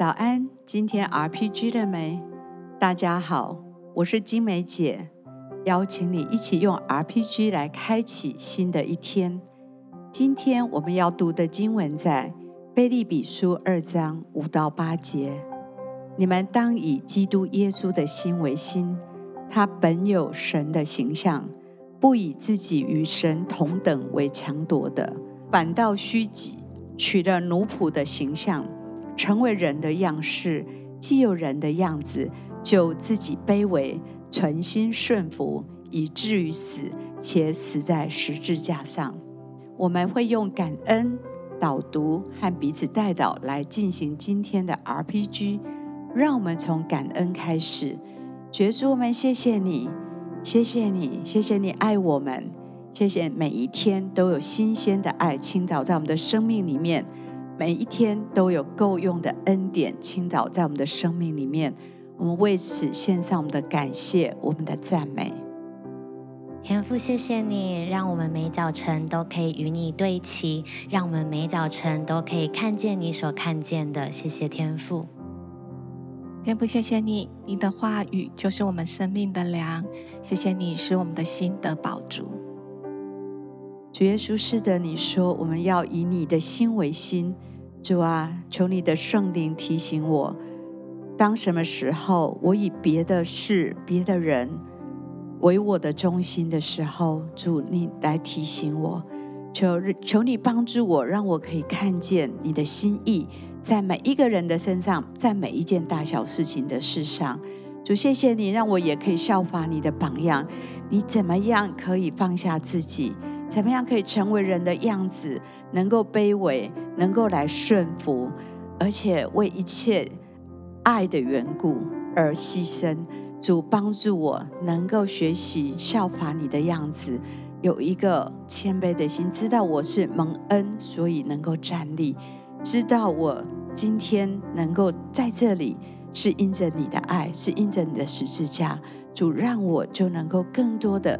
早安，今天 RPG 了沒？大家好，我是晶玫姊，邀請你一起用 RPG 來開啟新的一天。今天我們要讀的經文在《腓立比書》二章五到八節。你們當以基督耶穌的心為心，他本有神的形象，不以自己與神同等為強奪的，反倒虛己，取了奴僕的形象。成為人的樣式，既有人的樣子，就自己卑微，存心順服，以至於死，且死在十字架上。我們會用感恩導讀和彼此代禱來進行今天的 RPG。讓我們從感恩開始，耶穌，我們，謝謝你，謝謝你，謝謝你愛我們，謝謝每一天都有新鮮的愛傾倒在我們的生命裡面。每一天都有夠用的恩典傾倒在我們的生命裡面，我們為此獻上我們的感謝，我們的讚美。天父，謝謝你讓我們每早晨都可以與你對齊，讓我們每早晨都可以看見你所看見的。謝謝天父，天父，謝謝你，你的話語就是我們生命的糧，謝謝你使我們的心得飽足。主耶穌，是的，你說我們要以你的心為心。主啊，求你的聖靈提醒我，當什麼時候我以別的事、別的人為我的中心的時候，主你來提醒我。求求你幫助我，讓我可以看見你的心意，在每一個人的身上，在每一件大小事情的事上。主，謝謝你讓我也可以效法你的榜樣。你怎麼樣可以放下自己？怎麼樣可以成為人的樣子？能夠卑微，能夠來順服，而且為一切愛的緣故而犧牲。主幫助我，能夠學習效法你的樣子，有一個謙卑的心，知道我是蒙恩，所以能夠站立；知道我今天能夠在這裡，是因着你的愛，是因着你的十字架。主讓我就能夠更多的。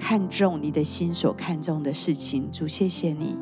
看重你的心所看重的事情，主謝謝你，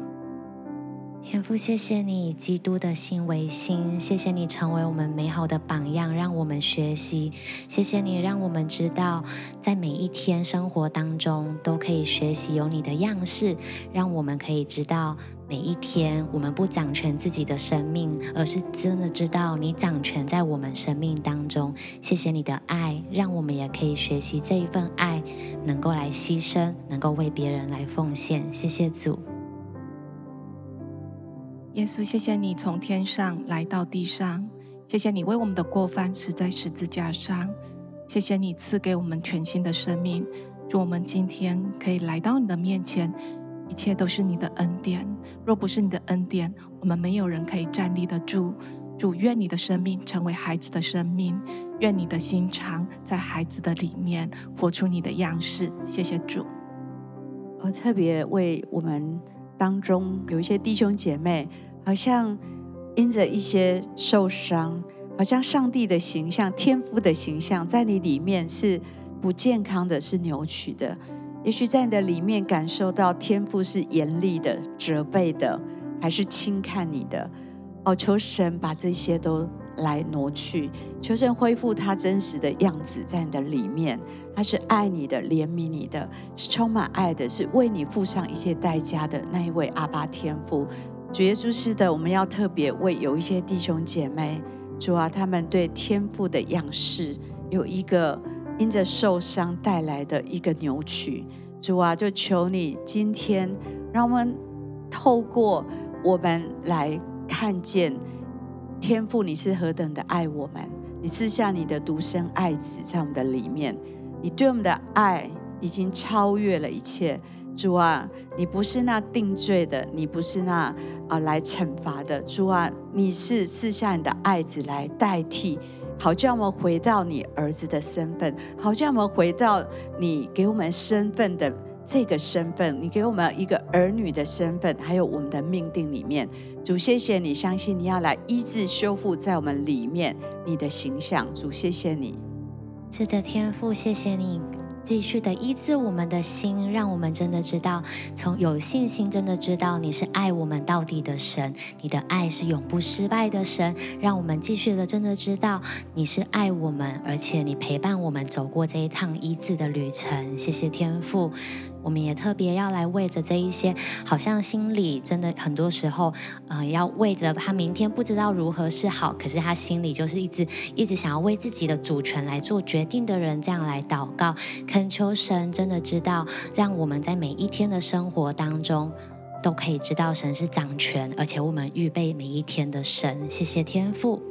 天父謝謝你，以基督的心為心，謝謝你成為我們美好的榜樣，讓我們學習，謝謝你讓我們知道，在每一天生活當中都可以學習有你的樣式，讓我們可以知道。每一天，我們不掌權自己的生命，而是真的知道你掌權在我們生命當中。謝謝你的愛，讓我們也可以學習這一份愛，能夠來犧牲，能夠為別人來奉獻。謝謝主耶穌，謝謝你從天上來到地上，謝謝你為我們的過犯死在十字架上，謝謝你賜給我們全新的生命，祝我們今天可以來到你的面前。一切都是你的恩典。若不是你的恩典，我們沒有人可以站立得住。主，願你的生命成為孩子的生命，願你的心腸在孩子的裡面活出你的樣式。謝謝主。我特別為我們當中有一些弟兄姐妹，好像因着一些受傷，好像上帝的形象、天父的形象在你裡面是不健康的，是扭曲的。也許在你的裡面感受到天父是嚴厲的、責備的，還是輕看你的？哦，求神把這些都來挪去，求神恢復他真實的樣子在你的裡面。他是愛你的、憐憫你的，是充滿愛的，是為你付上一些代價的那一位阿爸天父。主耶穌，是的，我們要特別為有一些弟兄姐妹，主啊，他們對天父的樣式有一個。因着受傷帶來的一個扭曲，主啊，就求你今天讓我們透過我們來看見天父你是何等的愛我們，你賜下你的獨生愛子在我們的裡面，你對我們的愛已經超越了一切。主啊，你不是那定罪的，你不是那啊來懲罰的，主啊，你是賜下你的愛子來代替。好叫我們回到你兒子的身份，好叫我們回到你給我們身份的這個身份，你給我們一個兒女的身份，還有我們的命定裡面。主謝謝你，相信你要來醫治修復在我們裡面你的形象。主謝謝你，是的，天父謝謝你。繼續的醫治我們的心，讓我們真的知道，從有信心，真的知道你是愛我們到底的神，你的愛是永不失敗的神。讓我們繼續的真的知道你是愛我們，而且你陪伴我們走過這一趟醫治的旅程。謝謝天父。我們也特別要來為着這一些，好像心裡真的很多時候，呃，要為着他明天不知道如何是好，可是他心裡就是一直一直想要為自己的主權來做決定的人，這樣來禱告，懇求神真的知道，讓我們在每一天的生活當中，都可以知道神是掌權，而且我們預備每一天的神。謝謝天父。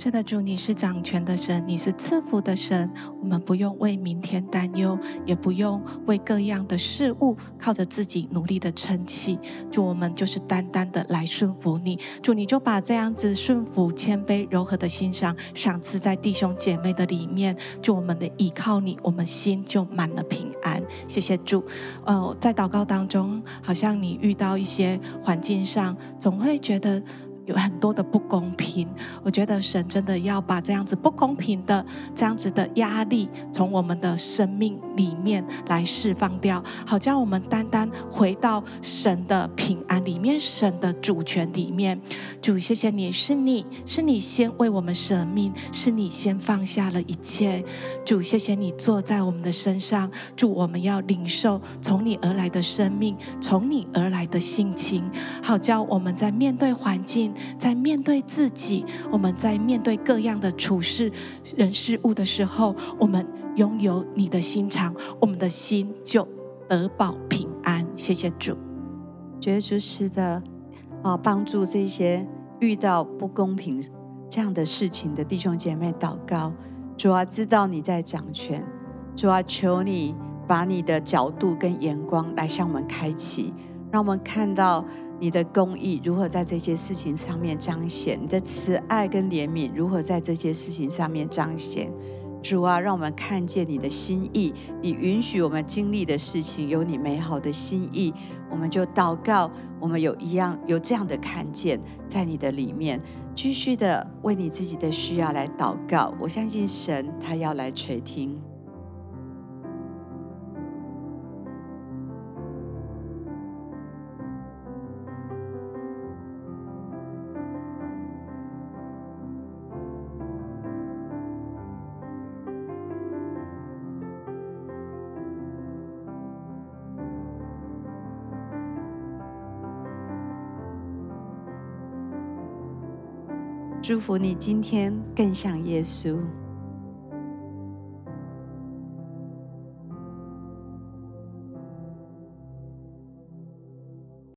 真的，主，你是掌權的神，你是賜福的神。我們不用為明天擔憂，也不用為各樣的事物靠着自己努力的撐起。主，我們就是單單的來順服你。主，你就把這樣子順服、謙卑、柔和的心上賞，賞賜在弟兄姐妹的裡面。主，我們的依靠你，我們心就滿了平安。謝謝主。呃、哦，在禱告當中，好像你遇到一些環境上，總會覺得。有很多的不公平，我覺得神真的要把這樣子不公平的這樣子的壓力從我們的生命裡面來釋放掉，好叫我們單單回到神的平安裡面，神的主權裡面。主，謝謝你，是你是你先為我們舍命，是你先放下了一切。主，謝謝你坐在我們的身上，祝我們要領受從你而來的生命，從你而來的性情，好叫我們在面對環境。在面對自己，我們在面對各樣的處事、人事物的時候，我們擁有你的心腸，我們的心就得保平安。謝謝主，覺得主是的啊，幫助這些遇到不公平這樣的事情的弟兄姐妹禱告。主啊，知道你在掌權，主啊，求你把你的角度跟眼光來向我們開啟，讓我們看到。你的公義如何在這些事情上面彰顯？你的慈愛跟憐憫如何在這些事情上面彰顯？主啊，讓我們看見你的心意，你允許我們經歷的事情有你美好的心意，我們就禱告。我們有一樣有這樣的看見，在你的裡面，繼續的為你自己的需要來禱告。我相信神，他要來垂聽。祝福你今天更像耶穌。